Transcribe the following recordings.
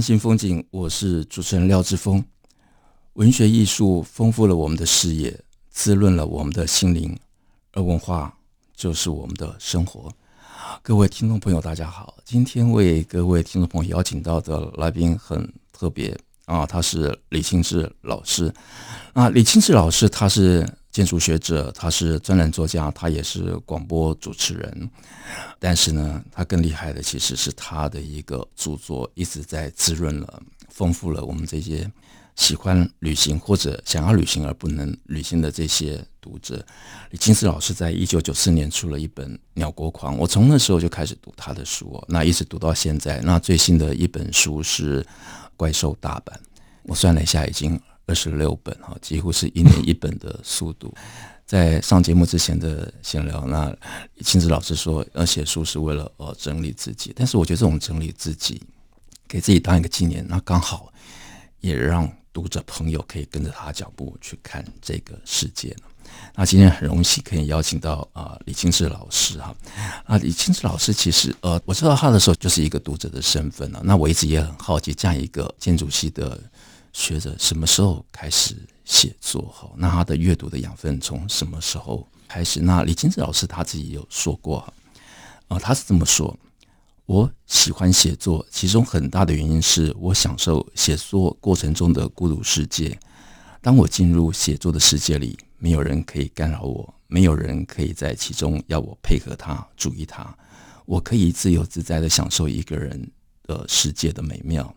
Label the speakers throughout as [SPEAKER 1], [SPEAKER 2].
[SPEAKER 1] 新風景，我是主持人廖志峰。文學藝術豐富了我們的視野，滋潤了我們的心靈，而文化就是我們的生活。各位聽眾朋友，大家好，今天為各位聽眾朋友邀請到的來賓很特別啊，他是李清志老師啊。李清志老師，他是。建築學者，他是專欄作家，他也是廣播主持人。但是呢，他更厲害的其實是他的一個著作，一直在滋潤了、豐富了我們這些喜歡旅行或者想要旅行而不能旅行的這些讀者。李清志老師在一九九四年出了一本《鳥國狂》，我從那時候就開始讀他的書，那一直讀到現在。那最新的一本書是《怪獸大阪》，我算了一下，已經。二十六本哈，幾乎是一年一本的速度。嗯、在上節目之前的閒聊，那李清志老師說，要寫書是為了呃整理自己。但是我覺得這種整理自己，給自己當一個紀念，那剛好也讓讀者朋友可以跟着他腳步去看這個世界。那今天很榮幸可以邀請到啊、呃、李清志老師哈啊李清志老師其實呃我知道他的時候就是一個讀者的身份了。那我一直也很好奇這樣一個建築系的。學者什麼時候開始寫作？好，那他的閱讀的養分從什麼時候開始？那李清志老師他自己有說過，啊、呃，他是這麼說，我喜歡寫作，其中很大的原因是我享受寫作過程中的孤獨世界。當我進入寫作的世界裡，沒有人可以干擾我，沒有人可以在其中要我配合他、注意他，我可以自由自在的享受一個人的世界的美妙。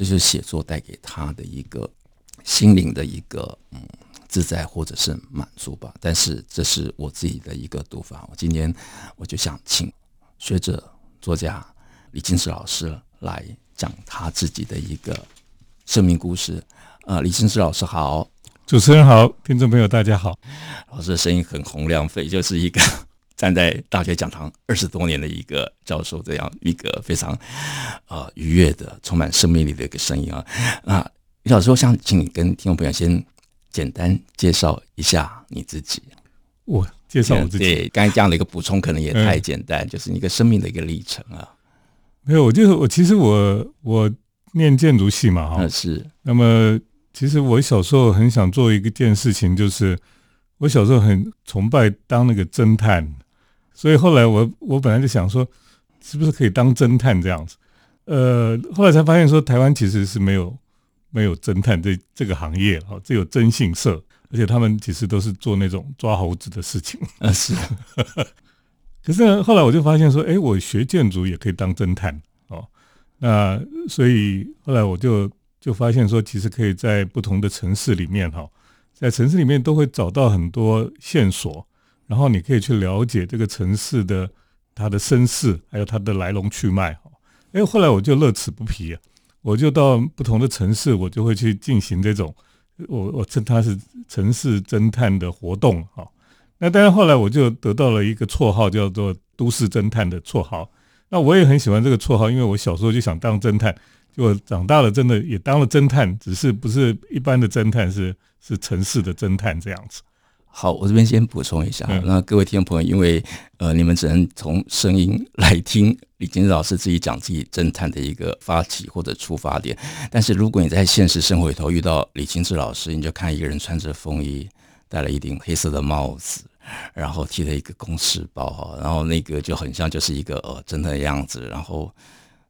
[SPEAKER 1] 這就是寫作帶給他的一個心靈的一個嗯自在，或者是滿足吧。但是這是我自己的一個讀法。我今天我就想請學者作家李清志老師來講他自己的一個生命故事。啊、呃，李清志老師好，主持人好，聽眾朋友大家好。老師的聲音很洪亮，所以就是一個。站在大學講堂二十多年的一個教授，這樣一個非常，呃愉悅的、充滿生命力的一個聲音啊！啊，小時候想請你跟聽眾朋友先簡單介紹一下你自己。我介紹我自己，剛才這樣的一個補充可能也太簡單，嗯、就是一個生命的一個歷程啊。
[SPEAKER 2] 沒有，我就我其實我我念建築系嘛，哈，是。那麼其實我小時候很想做一個件事情，就是我小時候很崇拜當那個偵探。所以後來我我本來就想說，是不是可以當偵探這樣子？呃，後來才發現說，台灣其實是沒有沒有偵探這這個行業哦，只有徵信社，而且他們其實都是做那種抓猴子的事情。啊，是。 可是呢，後來我就發現說，哎，我學建築也可以當偵探哦。那所以後來我就就發現說，其實可以在不同的城市裡面哈、哦，在城市裡面都會找到很多線索。然後你可以去了解這個城市的它的身世，還有它的來龍去脈。哈，哎，後來我就樂此不疲，我就到不同的城市，我就會去進行這種，我我稱它是城市偵探的活動。哈，那但是後來我就得到了一個綽號，叫做都市偵探的綽號。那我也很喜歡這個綽號，因為我小時候就想當偵探，結果長大了真的也當了偵探，只是不是一般的偵探，是是城市的偵探這樣子。好，
[SPEAKER 1] 我這邊先補充一下，嗯、那各位聽眾朋友，因為呃，你們只能從聲音來聽李清志老師自己講自己偵探的一個發起或者出發點。但是如果你在現實生活裡頭遇到李清志老師，你就看一個人穿着風衣，戴了一頂黑色的帽子，然後提了一個公事包哈，然後那個就很像就是一個呃偵探的樣子，然後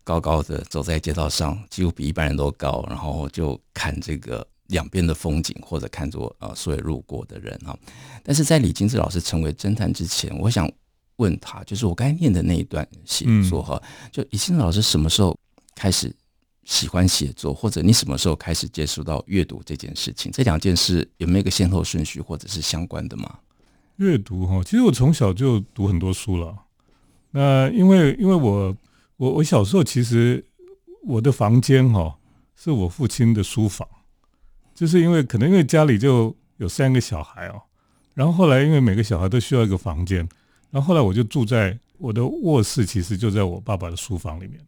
[SPEAKER 1] 高高的走在街道上，幾乎比一般人都高，然後就看這個。兩邊的風景，或者看作呃，所有路過的人啊、哦。但是在李清志老師成為偵探之前，我想問他，就是我剛才念的那一段寫作哈，嗯、就李清志老師什麼時候開始喜歡寫作，或者你什麼時候開始接觸到閱讀這件事情？這兩件事有沒有一個先後順序，或者是相關的
[SPEAKER 2] 嗎？閱讀哈，其實我從小就讀很多書了。那因為因為我我我小時候其實我的房間哈、哦、是我父親的書房。就是因為可能因為家裡就有三個小孩哦，然後後來因為每個小孩都需要一個房間，然後後來我就住在我的臥室，其實就在我爸爸的書房裡面。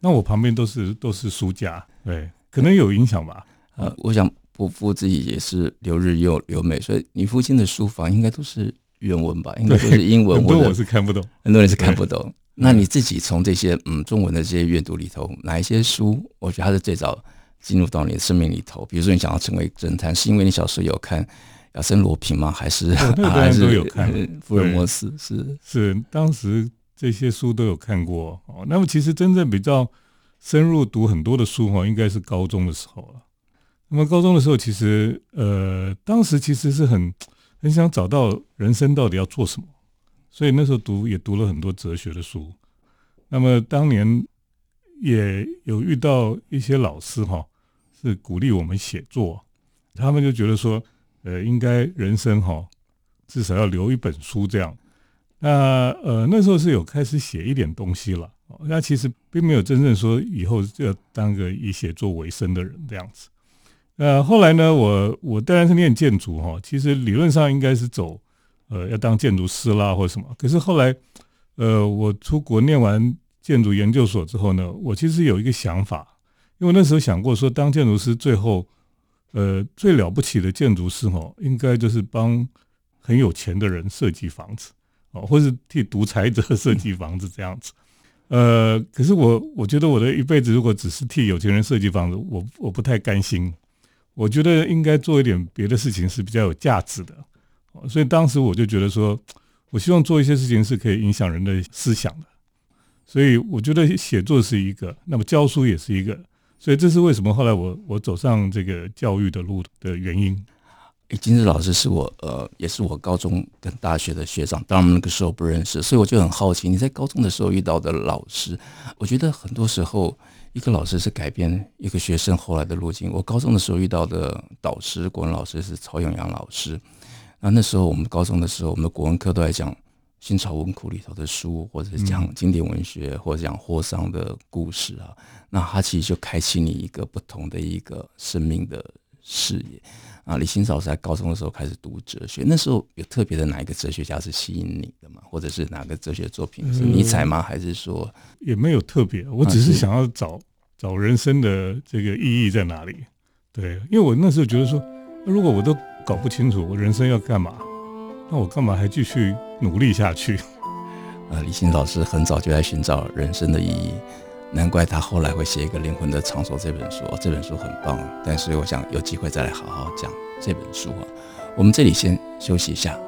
[SPEAKER 2] 那我旁邊都是都是書架，對，可能有影響
[SPEAKER 1] 吧。嗯、呃，我想伯父自己也是留日又留美，所以你父親的書房應該都是原文吧？應該都是英文。很多我是看不懂，很多人是看不懂。對那你自己從這些嗯中文的這些閱讀裡頭，哪一些書，我覺得他是最早。進入到你的生命裡頭，比如說你想要成為偵探，是因為你小時候有看亞森羅平嗎？還是還是、嗯、對有看福爾摩斯？是
[SPEAKER 2] 是，當時這些書都有看過哦。那麼其實真正比較深入讀很多的書哦，應該是高中的時候了。那麼高中的時候，其實呃，當時其實是很很想找到人生到底要做什麼，所以那時候讀也讀了很多哲學的書。那麼當年。也有遇到一些老師哈，是鼓勵我們寫作，他們就覺得說，呃，應該人生哈，至少要留一本書這樣。那呃那時候是有開始寫一點東西了，那其實並沒有真正說以後就要當個以寫作為生的人這樣子。呃後來呢，我我當然是念建築哈，其實理論上應該是走，呃要當建築師啦或者什麼，可是後來，呃我出國念完。建築研究所之後呢，我其實有一個想法，因為那時候想過說，當建築師最後，呃，最了不起的建築師哦，應該就是幫很有錢的人設計房子，哦，或是替獨裁者設計房子這樣子， 呃，可是我我覺得我的一輩子如果只是替有錢人設計房子，我我不太甘心，我覺得應該做一點別的事情是比較有價值的，哦，所以當時我就覺得說，我希望做一些事情是可以影響人的思想的。所以我覺得寫作是一個，那麼教書也是一個，所以這是為什麼後來我我走上這個教育的路的原因。
[SPEAKER 1] 清志老師是我呃也是我高中跟大學的學長，當然那個時候不認識，所以我就很好奇你在高中的時候遇到的老師。我覺得很多時候一個老師是改變一個學生後來的路徑。我高中的時候遇到的導師國文老師是曹永洋老師，那那時候我們高中的時候我們的國文課都在講。新潮文庫裡頭的書，或者講經典文學，或者講霍桑的故事啊，嗯、那他其實就開啟你一個不同的一個生命的視野啊。李清志在高中的時候開始讀哲學，那時候有特別的哪一個哲學家是吸引你的嗎？或者是哪個哲學作品，是尼采嗎？還是說
[SPEAKER 2] 也沒有特別，我只是想要找找人生的這個意義在哪裡？對，因為我那時候覺得說，如果我都搞不清楚我人生要幹嘛，那我幹嘛還繼續努力下去？
[SPEAKER 1] 啊、呃，李清志老師很早就來尋找人生的意義，難怪他後來會寫一個《靈魂的場所》這本書、哦。這本書很棒，但是我想有機會再來好好講這本書、啊、我們這裡先休息一下，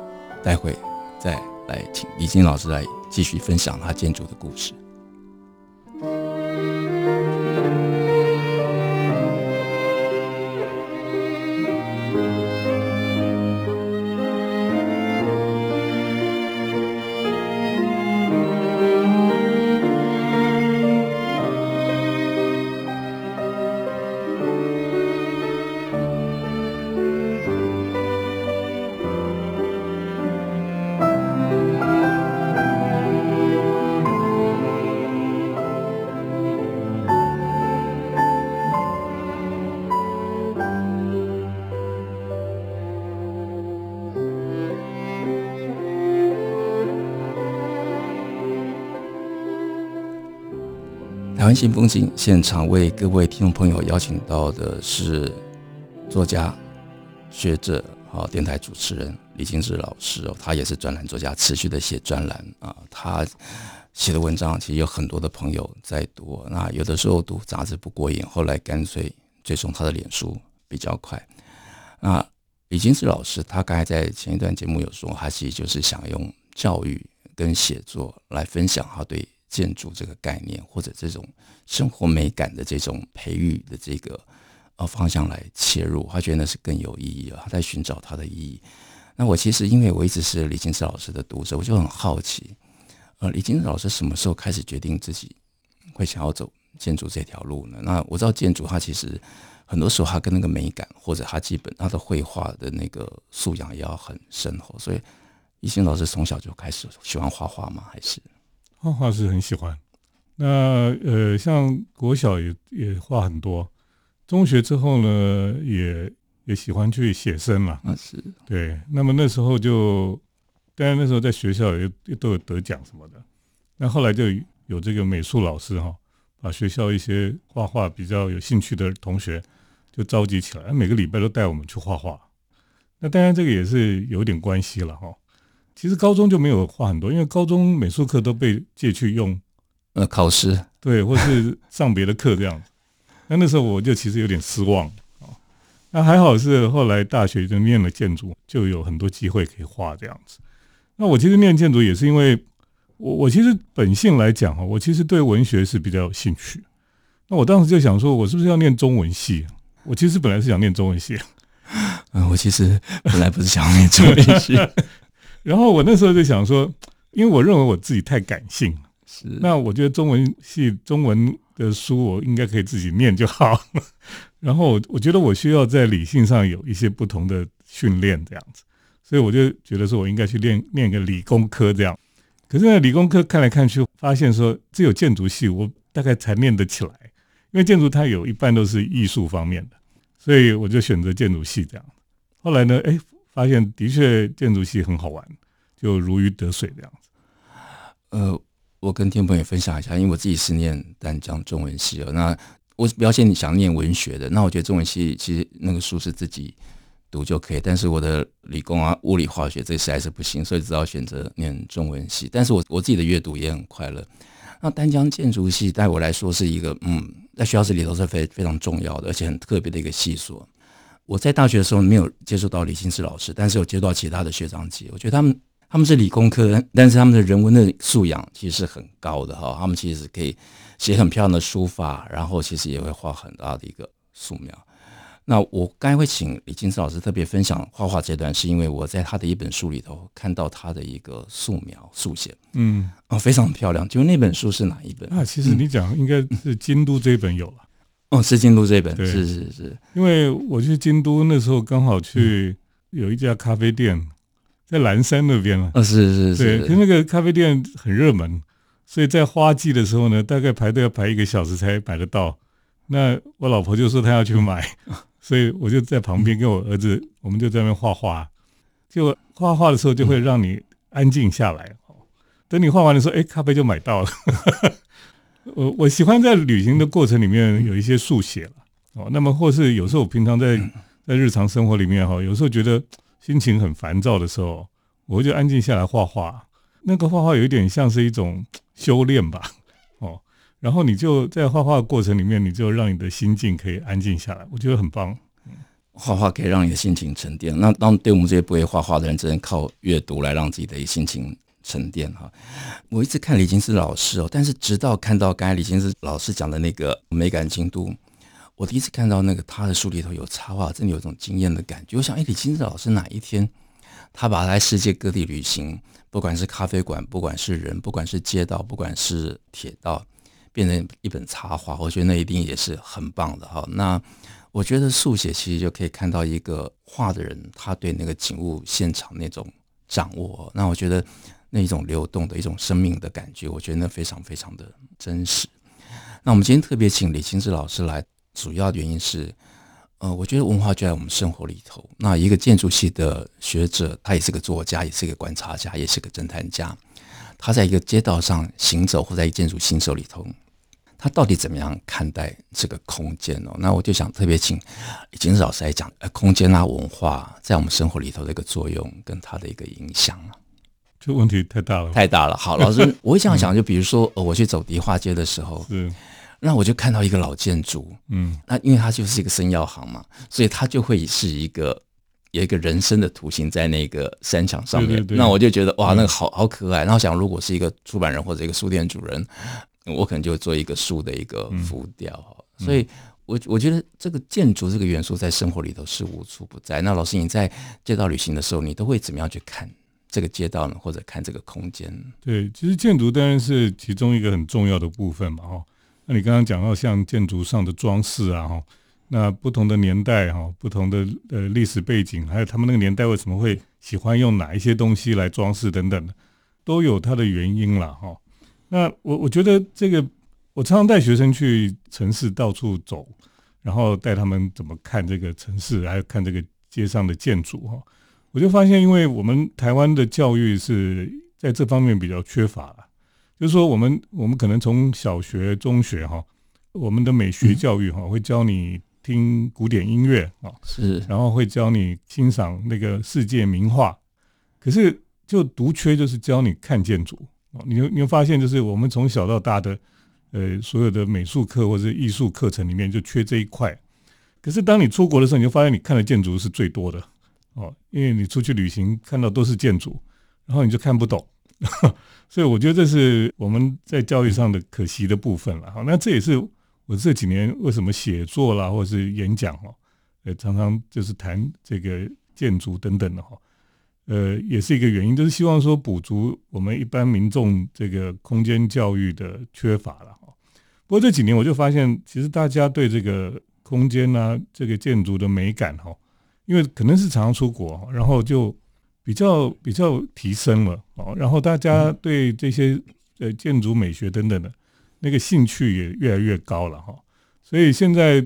[SPEAKER 1] 待會再來請李清志老師來繼續分享他建築的故事。關心風景現場，為各位聽眾朋友邀請到的是作家、學者和電台主持人李清志老師。他也是專欄作家，持續的寫專欄啊。他寫的文章其實有很多的朋友在讀。那有的時候讀雜誌不過癮，後來乾脆追蹤他的臉書比較快。那李清志老師他剛才在前一段節目有說，他其實就是想用教育跟寫作來分享他對。建築這個概念，或者這種生活美感的這種培育的這個呃方向來切入，他覺得那是更有意義啊。他在尋找他的意義。那我其實因為我一直是李清志老師的讀者，我就很好奇，呃，李清志老師什麼時候開始決定自己會想要走建築這條路呢？那我知道建築它其實很多時候它跟那個美感，或者它基本它的繪畫的那個素養也要很深厚。所以，清志老師從小就開始喜歡畫畫嗎？還是？
[SPEAKER 2] 畫畫是很喜歡，那呃，像國小也也畫很多，中學之後呢，也也喜歡去寫生嘛。那、啊、是對，那麼那時候就，當然那時候在學校也，也都有得獎什麼的。那後來就有這個美術老師哈、哦，把學校一些畫畫比較有興趣的同學就召集起來、啊，每個禮拜都帶我們去畫畫。那當然這個也是有點關係了哈、哦。其實高中就沒有畫很多，因為高中美術課都被借去用，呃、嗯，考試，對，或是上別的課這樣那 那時候我就其實有點失望啊、哦。那還好是後來大學就念了建築，就有很多機會可以畫這樣子。那我其實念建築也是因為我，我其實本性來講啊，我其實對文學是比較有興趣。那我當時就想說，我是不是要念中文系？我其實本來是想念中文系。嗯、呃，我其實
[SPEAKER 1] 本來不是想念中文系。
[SPEAKER 2] 然後我那時候就想說，因為我認為我自己太感性了，是那我覺得中文系中文的書我應該可以自己念就好，然後我覺得我需要在理性上有一些不同的訓練這樣子，所以我就覺得說我應該去練練個理工科這樣，可是理工科看來看去發現說只有建築系我大概才念得起來，因為建築它有一半都是藝術方面的，所以我就選擇建築系這樣。後來呢，哎。發現的確建築系很好玩，就如魚得水的樣子。呃，我跟天鵬也分享
[SPEAKER 1] 一下，因為我自己是念淡江中文系的。那我是比較想念文學的，那我覺得中文系其實那個書是自己讀就可以。但是我的理工啊、物理、化學這實在是不行，所以只好選擇念中文系。但是我我自己的閱讀也很快樂。那淡江建築系在我來說是一個嗯，在學校裡頭是非非常重要的，而且很特別的一個系所。我在大學的時候沒有接觸到李清志老師，但是有接觸到其他的學長姐。我覺得他們他們是理工科，但是他們的人文的素養其實是很高的哈。他們其實可以寫很漂亮的書法，然後其實也會畫很大的一個素描。那我剛才會請李清志老師特別分享畫畫階段，是因為我在他的一本書裡頭看到他的一個素描速寫，嗯啊、哦、非常漂亮。就那本書是哪
[SPEAKER 2] 一本啊？其實你講應該是京都這一本有了。嗯嗯哦，是京都這邊，對，是是是，因為我去京都那時候剛好去有一家咖啡店，在嵐山那邊啊、哦、是、是是是，對，可是那個咖啡店很熱門，所以在花季的時候呢，大概排隊要排一個小時才買得到。那我老婆就說她要去買，所以我就在旁邊跟我兒子，嗯、我們就在那邊畫畫。就畫畫的時候就會讓你安靜下來，等你畫完的時候，哎，咖啡就買到了。呵呵我我喜歡在旅行的過程裡面有一些速寫了哦，那麼或是有時候我平常在在日常生活裡面哈，有時候覺得心情很煩躁的時候，我就安靜下來畫畫。那個畫畫有一點像是一種修煉吧，哦，然後你就在畫畫的過程裡面，你就讓你的心境可以安靜下來，我覺得很棒。
[SPEAKER 1] 畫畫可以讓你的心情沉澱，那當對我們這些不會畫畫的人，只能靠閱讀來讓自己的心情。沉澱哈，我一直看李清志老師哦，但是直到看到剛才李清志老師講的那個美感京都，我第一次看到那個他的書裡頭有插畫，真的有種驚豔的感覺。我想，哎、欸，李清志老師哪一天他把在世界各地旅行，不管是咖啡館，不管是人，不管是街道，不管是鐵道，變成一本插畫，我覺得那一定也是很棒的哈。那我覺得速寫其實就可以看到一個畫的人，他對那個景物現場那種掌握，那我覺得。那一種流動的一種生命的感覺，我覺得那非常非常的真實。那我們今天特別請李清志老師來，主要原因是，呃，我覺得文化就在我們生活裡頭。那一個建築系的學者，他也是個作家，也是個觀察家，也是個偵探家。他在一個街道上行走，或在一建築新手裡頭，他到底怎麼樣看待這個空間哦？那我就想特別請李清志老師來講，呃，空間啊，文化在我們生活裡頭的一個作用跟它的一個影響啊
[SPEAKER 2] 這問題太大了，太大了。好，老師，我會這樣
[SPEAKER 1] 想， 就比如說，呃、哦，我去走迪化街的時候，嗯是，那我就看到一個老建築，嗯，那因為它就是一個生藥行嘛，所以它就會是一個有一個人生的圖形在那個山牆上面，對對對那我就覺得哇，那個好對好可愛。那我想，如果是一個出版人或者一個書店主人，我可能就做一個樹的一個浮雕哈。嗯、所以我我覺得這個建築這個元素在生活裡頭是無處不在。那老師，你在街道旅行的時候，你都會怎麼樣去看？這個街道呢，或者看這個空間，
[SPEAKER 2] 對，其實建築當然是其中一個很重要的部分嘛哈。那你剛剛講到像建築上的裝飾啊哈，那不同的年代哈，不同的呃歷史背景，還有他們那個年代為什麼會喜歡用哪一些東西來裝飾等等，都有它的原因啦。哈。那我我覺得這個，我常常帶學生去城市到處走，然後帶他們怎麼看這個城市，還有看這個街上的建築哈。我就發現，因為我們台灣的教育是在這方面比較缺乏了，就是說，我們我們可能從小學、中學哈，我們的美學教育哈，嗯、會教你聽古典音樂啊，是，然後會教你欣賞那個世界名畫，可是就獨缺就是教你看建築啊，你就你會發現，就是我們從小到大的呃所有的美術課或者藝術課程裡面就缺這一塊。可是當你出國的時候，你就發現你看的建築是最多的。哦，因為你出去旅行看到都是建築，然後你就看不懂， 所以我覺得這是我們在教育上的可惜的部分了哈。那這也是我這幾年為什麼寫作啦，或者是演講哦，也常常就是談這個建築等等的哈、哦，呃，也是一個原因，就是希望說補足我們一般民眾這個空間教育的缺乏了哈。不過這幾年我就發現，其實大家對這個空間啊，這個建築的美感哈、哦。因為可能是常常出國，然後就比較比較提升了哦，然後大家對這些呃建築美學等等的，那個興趣也越來越高了哈，所以現在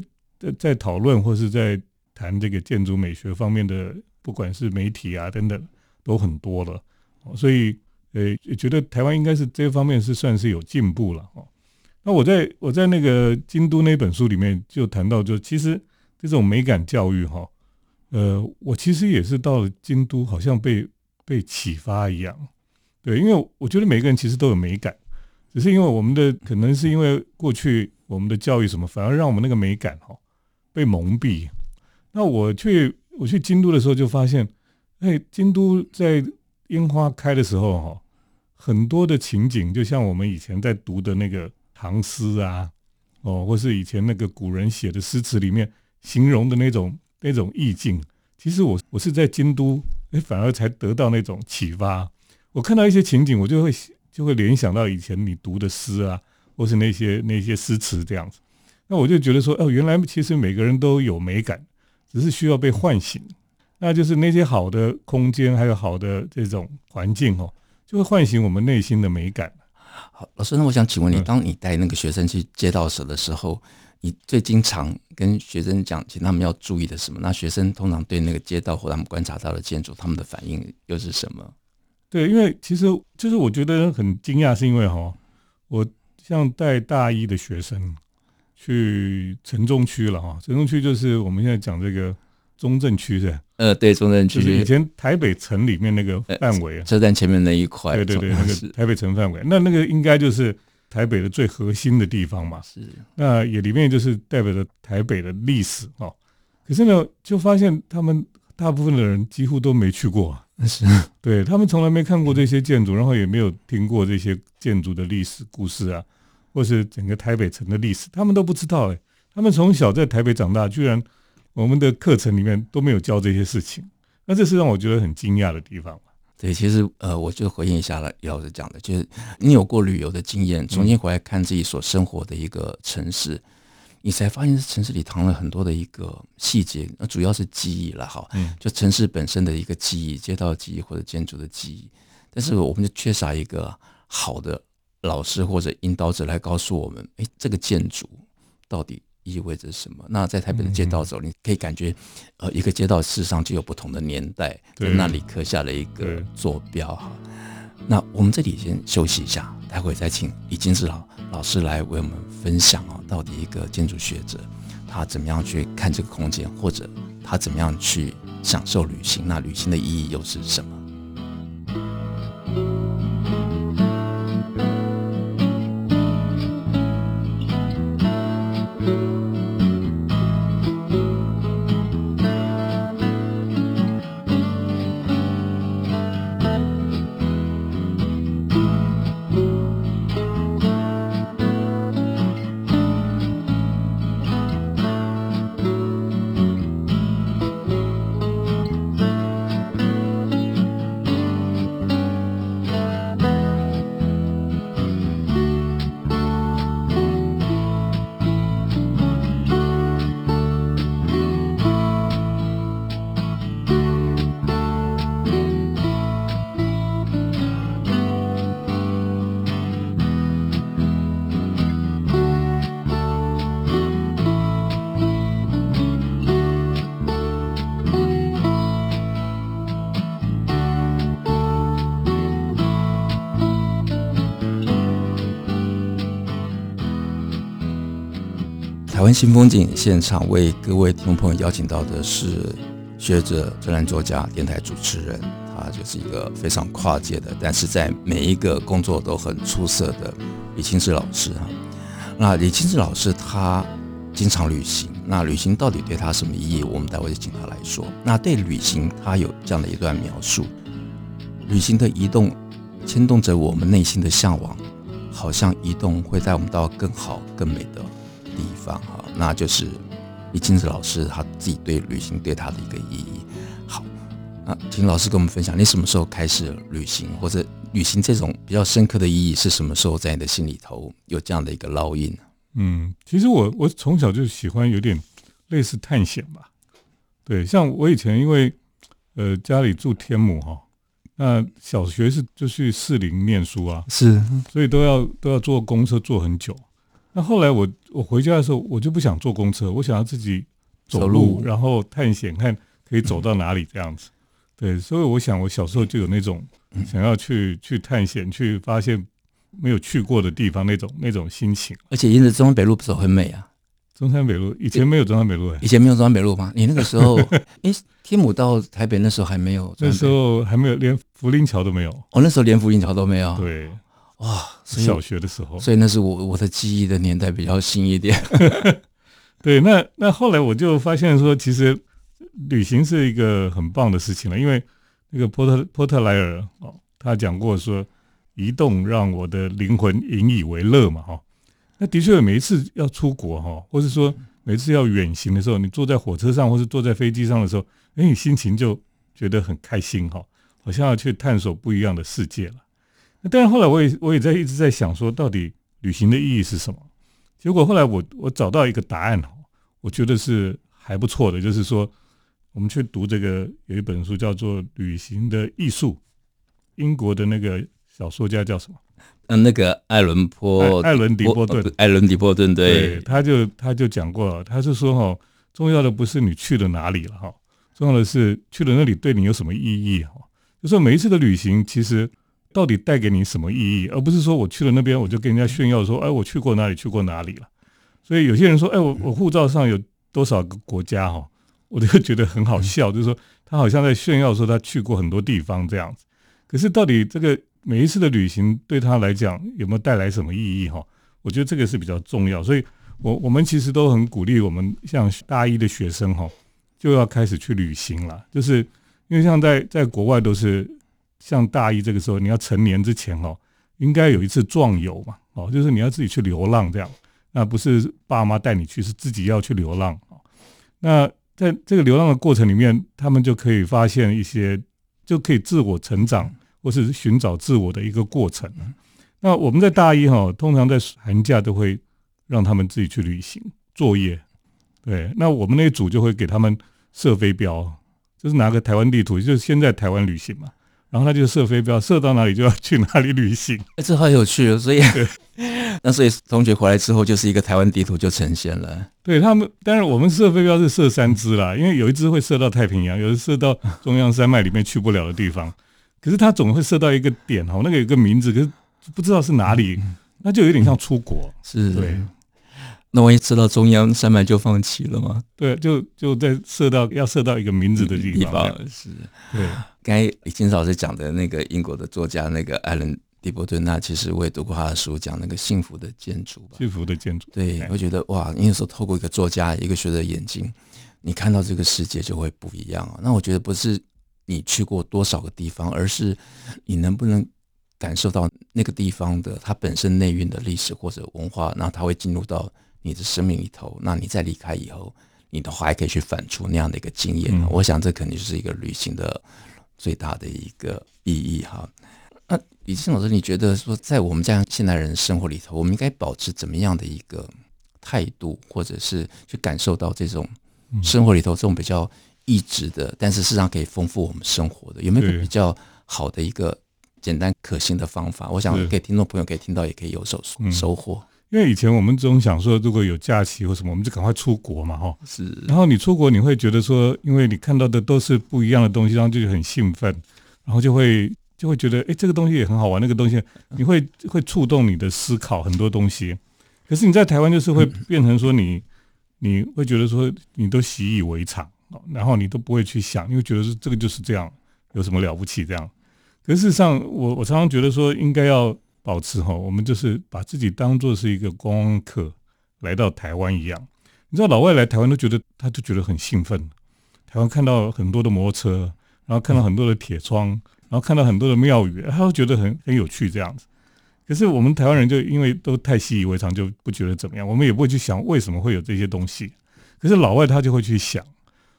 [SPEAKER 2] 在討論或是在談這個建築美學方面的，不管是媒體啊等等都很多了，所以呃覺得台灣應該是這方面是算是有進步了哦。那我在我在那個京都那本書裡面就談到就，就其實這種美感教育哈。呃，我其實也是到了京都，好像被被啟發一樣，對，因為我覺得每個人其實都有美感，只是因為我們的可能是因為過去我們的教育什麼，反而讓我們那個美感哈、哦、被蒙蔽。那我去我去京都的時候，就發現，哎，京都在櫻花開的時候哈、哦，很多的情景，就像我們以前在讀的那個唐詩啊，哦，或是以前那個古人寫的詩詞裡面形容的那種那種意境。其實我我是在京都，欸，反而才得到那種啟發。我看到一些情景，我就會就會聯想到以前你讀的詩啊，或是那些那些詩詞這樣子。那我就覺得說，哦，原來其實每個人都有美感，只是需要被喚醒。那就是那些好的空間，還有好的這種環境哦，就會喚醒我們內心的美感。好，老師，那我想請問你，嗯、當你
[SPEAKER 1] 帶那個學生去街道時的時候。你最經常跟學生講起他們要注意的什麼？那學生通常對那個街道或他們觀察到的建築，他們的反應又是什麼？
[SPEAKER 2] 對，因為其實就是我覺得很驚訝，是因為哈，我像帶大一的學生去城中區了哈，城中區就是我們現在講這個中正區是呃，對，中正區是以前台北城裡面那個範圍，呃，車
[SPEAKER 1] 站前面那一塊，對對對，
[SPEAKER 2] 台北城範圍，那那個應該就是。台北的最核心的地方嘛，是那也，裡面就是代表着台北的歷史哦。可是呢，就發現他們大部分的人幾乎都沒去過啊，是，對他們從來沒看過這些建築，然後也沒有聽過這些建築的歷史故事啊，或是整個台北城的歷史，他們都不知道哎。他們從小在台北長大，居然我們的課程裡面都沒有教這些事情，那這是讓我覺得很驚訝的地方。對，其實呃，我就回應一下了李老師講的，就是你有過旅遊的經驗，重新回來看
[SPEAKER 1] 自己所生活的一個城市，嗯、你才發現這城市裡藏了很多的一個細節，那、呃、主要是記憶了哈，嗯，就城市本身的一個記憶、街道記憶或者建築的記憶，但是我們就缺少一個好的老師或者引導者來告訴我們，哎，這個建築到底。意味着什麼？那在台北的街道走，你可以感覺，呃，一個街道事實上就有不同的年代，在那裡刻下了一個坐標哈。那我們這裡先休息一下，待會再請李清志老老師來為我們分享啊，到底一個建築學者他怎麼樣去看這個空間，或者他怎麼樣去享受旅行？那旅行的意義又是什麼？新風景現場為各位聽眾朋友邀請到的是學者、專欄作家、電台主持人，他就是一個非常跨界的，但是在每一個工作都很出色的李清志老師哈。那李清志老師他經常旅行，那旅行到底對他什麼意義？我們待會就請他來說。那對旅行，他有這樣的一段描述：旅行的移動牽動着我們內心的嚮往，好像移動會帶我們到更好、更美的。地方哈，那就是李清志老師他自己對旅行對他的一個意義。好，那請老師跟我們分享，你什麼時候開始旅行，或者旅行這種比較深刻的意義是什麼時候在你的心裡頭有這樣的一
[SPEAKER 2] 個烙印呢？嗯，其實我我從小就喜歡有點類似探險吧。對，像我以前因為呃家裡住天母哈、哦，那小學是就去士林念書啊，是，所以都要都要坐公車坐很久。那後來我我回家的時候，我就不想坐公車，我想要自己走路，走路然後探險，看可以走到哪裡這樣子。嗯、對，所以我想，我小時候就有那種想要去、嗯、去探險、去發現沒有去過的地方那種那種心情。
[SPEAKER 1] 而且，沿着中山北路走很美啊！中山北路
[SPEAKER 2] 以前沒有中山北路、欸，以
[SPEAKER 1] 前沒有中山北路嗎？你那個時候，因為天母到台北那時候還沒有，那時
[SPEAKER 2] 候還沒有連福林
[SPEAKER 1] 橋都沒有。我、哦、那時候連福林橋都沒有。對。哇，小學的時候，所以那是我我的
[SPEAKER 2] 記憶的年代比較新一點。 對，那那後來我就發現說，其實旅行是一個很棒的事情了，因為那個波特波特萊爾哦，他講過說，移動讓我的靈魂引以為樂嘛，哈、哦。那的確，每一次要出國哈、哦，或者說每次要遠行的時候，你坐在火車上或者坐在飛機上的時候，哎，你心情就覺得很開心哈、哦，好像要去探索不一樣的世界了。但後來我也我也在一直在想說，到底旅行的意義是什麼？結果後來我我找到一個答案哈，我覺得是還不錯的，就是說我們去讀這個有一本書叫做《旅行的藝術》，英國的那個小說家叫什麼？
[SPEAKER 1] 嗯，那個艾倫·坡、哎，艾倫·迪波頓，艾倫·迪波頓對，對，對，
[SPEAKER 2] 他就他就講過，他是說哈，重要的不是你去了哪裡了哈，重要的是去了那裡對你有什麼意義哈，就說每一次的旅行其實。到底帶給你什麼意義，而不是說我去了那邊我就跟人家炫耀說，哎，我去過哪裡去過哪裡了。所以有些人說，哎，我我護照上有多少個國家哈，我就覺得很好笑，就是說他好像在炫耀說他去過很多地方這樣子。可是到底這個每一次的旅行對他來講有沒有帶來什麼意義哈？我覺得這個是比較重要。所以我我們其實都很鼓勵我們像大一的學生哈，就要開始去旅行了，就是因為像在在國外都是。像大一這個時候，你要成年之前哦，應該有一次壯遊嘛，哦，就是你要自己去流浪這樣，那不是爸媽帶你去，是自己要去流浪。那在這個流浪的過程裡面，他們就可以發現一些，就可以自我成長或是尋找自我的一個過程。那我們在大一哈、哦，通常在寒假都會讓他們自己去旅行作業，對，那我們那組就會給他們射飛鏢，就是拿個台灣地圖，就是先在台灣旅行嘛。然後他就射飛鏢，射到哪裡就要去哪裡旅行，哎，這好有趣、哦。所以，對那所以同學回來之後，就是一個台灣地圖就呈現了。對他們，當然我們射飛鏢是射三支啦，因為有一支會射到太平洋，有的射到中央山脈裡面去不了的地方，可是他總會射到一個點哦，那個有個名字，可是不知道是哪裡，那就有點像出國，是、嗯、對。是那萬一知道中央山脈就放棄了嗎？對，就就在射到要射到一個名字的地方。嗯、地方是，對。剛才李清老師講的那個
[SPEAKER 1] 英國的作家，那個艾倫·狄波頓，那其實我也讀過他的書，講那個幸福的建築吧。幸福的建築。對，嗯、我覺得哇，你有時候透過一個作家、一個學者的眼睛，你看到這個世界就會不一樣、啊、那我覺得不是你去過多少個地方，而是你能不能感受到那個地方的它本身內蘊的歷史或者文化，然後它會進入到。你的生命裡頭，那你在離開以後，你的話還可以去反芻那樣的一個經驗。嗯、我想這肯定就是一個旅行的最大的一個意義哈。那、嗯啊、李清志老師，你覺得說在我們這樣現代人生活裡頭，我們應該保持怎麼樣的一個態度，或者是去感受到這種生活裡頭這種比較抑制的，嗯、但是事實上可以豐富我們生活的，有沒有比較好的一個
[SPEAKER 2] 簡單可行的方法？嗯、我想給聽眾朋友可以聽到，也可以有所收穫。因為以前我們總想說，如果有假期或什麼，我們就趕快出國嘛，哈。是。然後你出國，你會覺得說，因為你看到的都是不一樣的東西，然後就很興奮，然後就會就會覺得，哎、欸，這個東西也很好玩，那個東西，你會會觸動你的思考很多東西。可是你在台灣就是會變成說你，你、嗯、你會覺得說，你都習以為常，然後你都不會去想，你會覺得說，這個就是這樣，有什麼了不起？這樣。可是事實上，我我常常覺得說，應該要。保持哈，我們就是把自己當做是一個觀光客來到台灣一樣。你知道老外來台灣都覺得他就覺得很興奮，台灣看到很多的摩托車，然後看到很多的鐵窗，然後看到很多的廟宇，他就覺得很很有趣這樣子。可是我們台灣人就因為都太習以為常，就不覺得怎麼樣，我們也不會去想為什麼會有這些東西。可是老外他就會去想，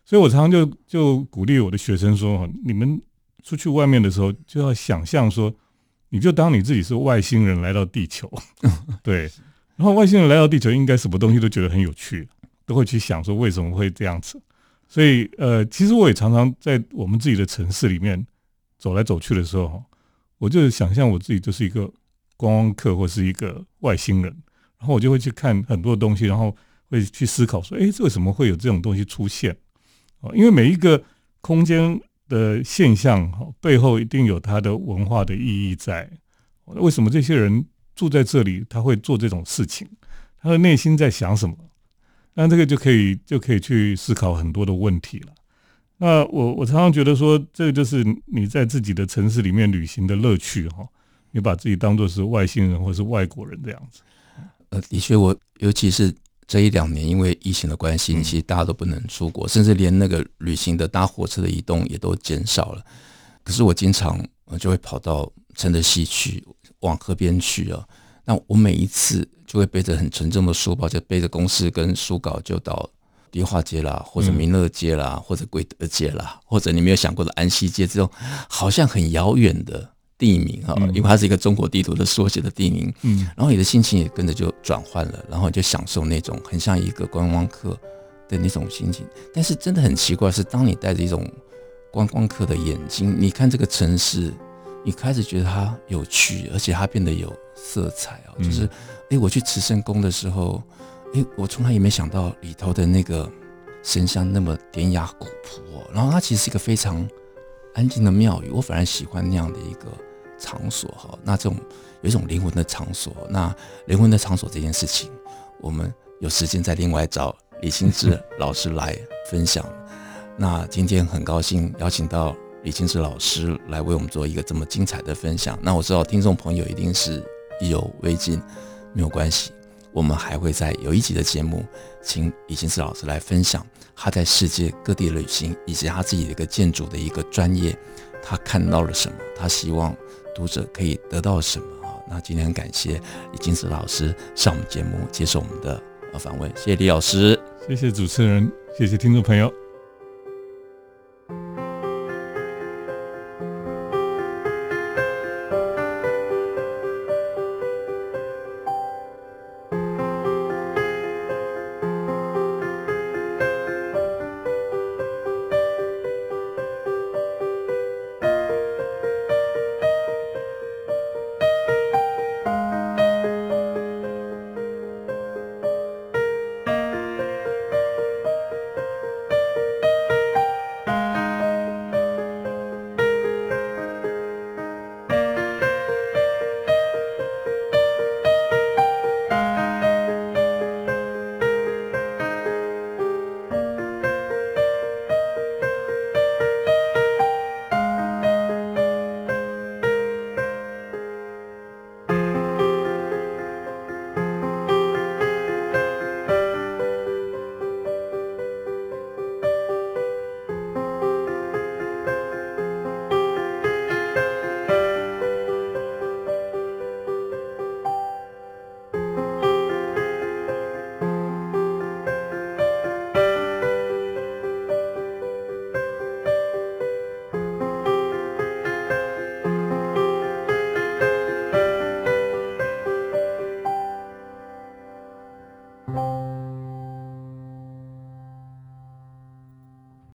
[SPEAKER 2] 所以我常常就就鼓勵我的學生說，你們出去外面的時候就要想象說你就當你自己是外星人來到地球，嗯、對，是然後外星人來到地球，應該什麼東西都覺得很有趣，都會去想說為什麼會這樣子。所以，呃，其實我也常常在我們自己的城市裡面走來走去的時候，我就想象我自己就是一個觀光客或是一個外星人，然後我就會去看很多東西，然後會去思考說，誒，這為什麼會有這種東西出現？哦，因為每一個空間。的現象哈，背後一定有它的文化的意義在。為什麼這些人住在這裡，他會做這種事情？他的內心在想什麼？那這個就可以就可以去思考很多的問題了。那我我常常覺得說，這個就是你在自己的城市裡面旅行的樂趣哈。你把自己當作是外星人或是外國人這樣子。呃，的
[SPEAKER 1] 確，我尤其是。這一兩年，因為疫情的關係，其實大家都不能出國，嗯、甚至連那個旅行的搭火車的移動也都減少了。可是我經常我就會跑到承德西區，往河邊去哦。那我每一次就會背着很沉重的書包，就背着公事跟書稿，就到迪化街啦，或者民樂街啦，嗯、或者貴德街啦，或者你沒有想過的安西街這種，好像很遙遠的。地名哈，因為它是一個中國地圖的縮寫的地名，嗯，然後你的心情也跟着就轉換了，然後你就享受那種很像一個觀光客的那種心情。但是真的很奇怪是，是當你帶着一種觀光客的眼睛，你看這個城市，你開始覺得它有趣，而且它變得有色彩哦，嗯、就是，誒，我去慈聖宮的時候，誒，我從來也沒想到裡頭的那個神像那麼典雅古樸哦，然後它其實是一個非常。安靜的廟宇，我反而喜歡那樣的一個場所哈。那這種有一種靈魂的場所，那靈魂的場所這件事情，我們有時間再另外找李清志老師來分享。 那今天很高興邀請到李清志老師來為我們做一個這麼精彩的分享。那我知道聽眾朋友一定是意猶未盡，沒有關係。我們還會在有一集的節目，請李清志老師來分享他在世界各地旅行，以及他自己的一個建築的一個專業，他看到了什麼？他希望讀者可以得到什麼？啊，那今天很感謝李清志老師上我們節目，接受我們的呃訪問，謝謝李老師，
[SPEAKER 2] 謝謝主持人，謝謝聽眾朋友。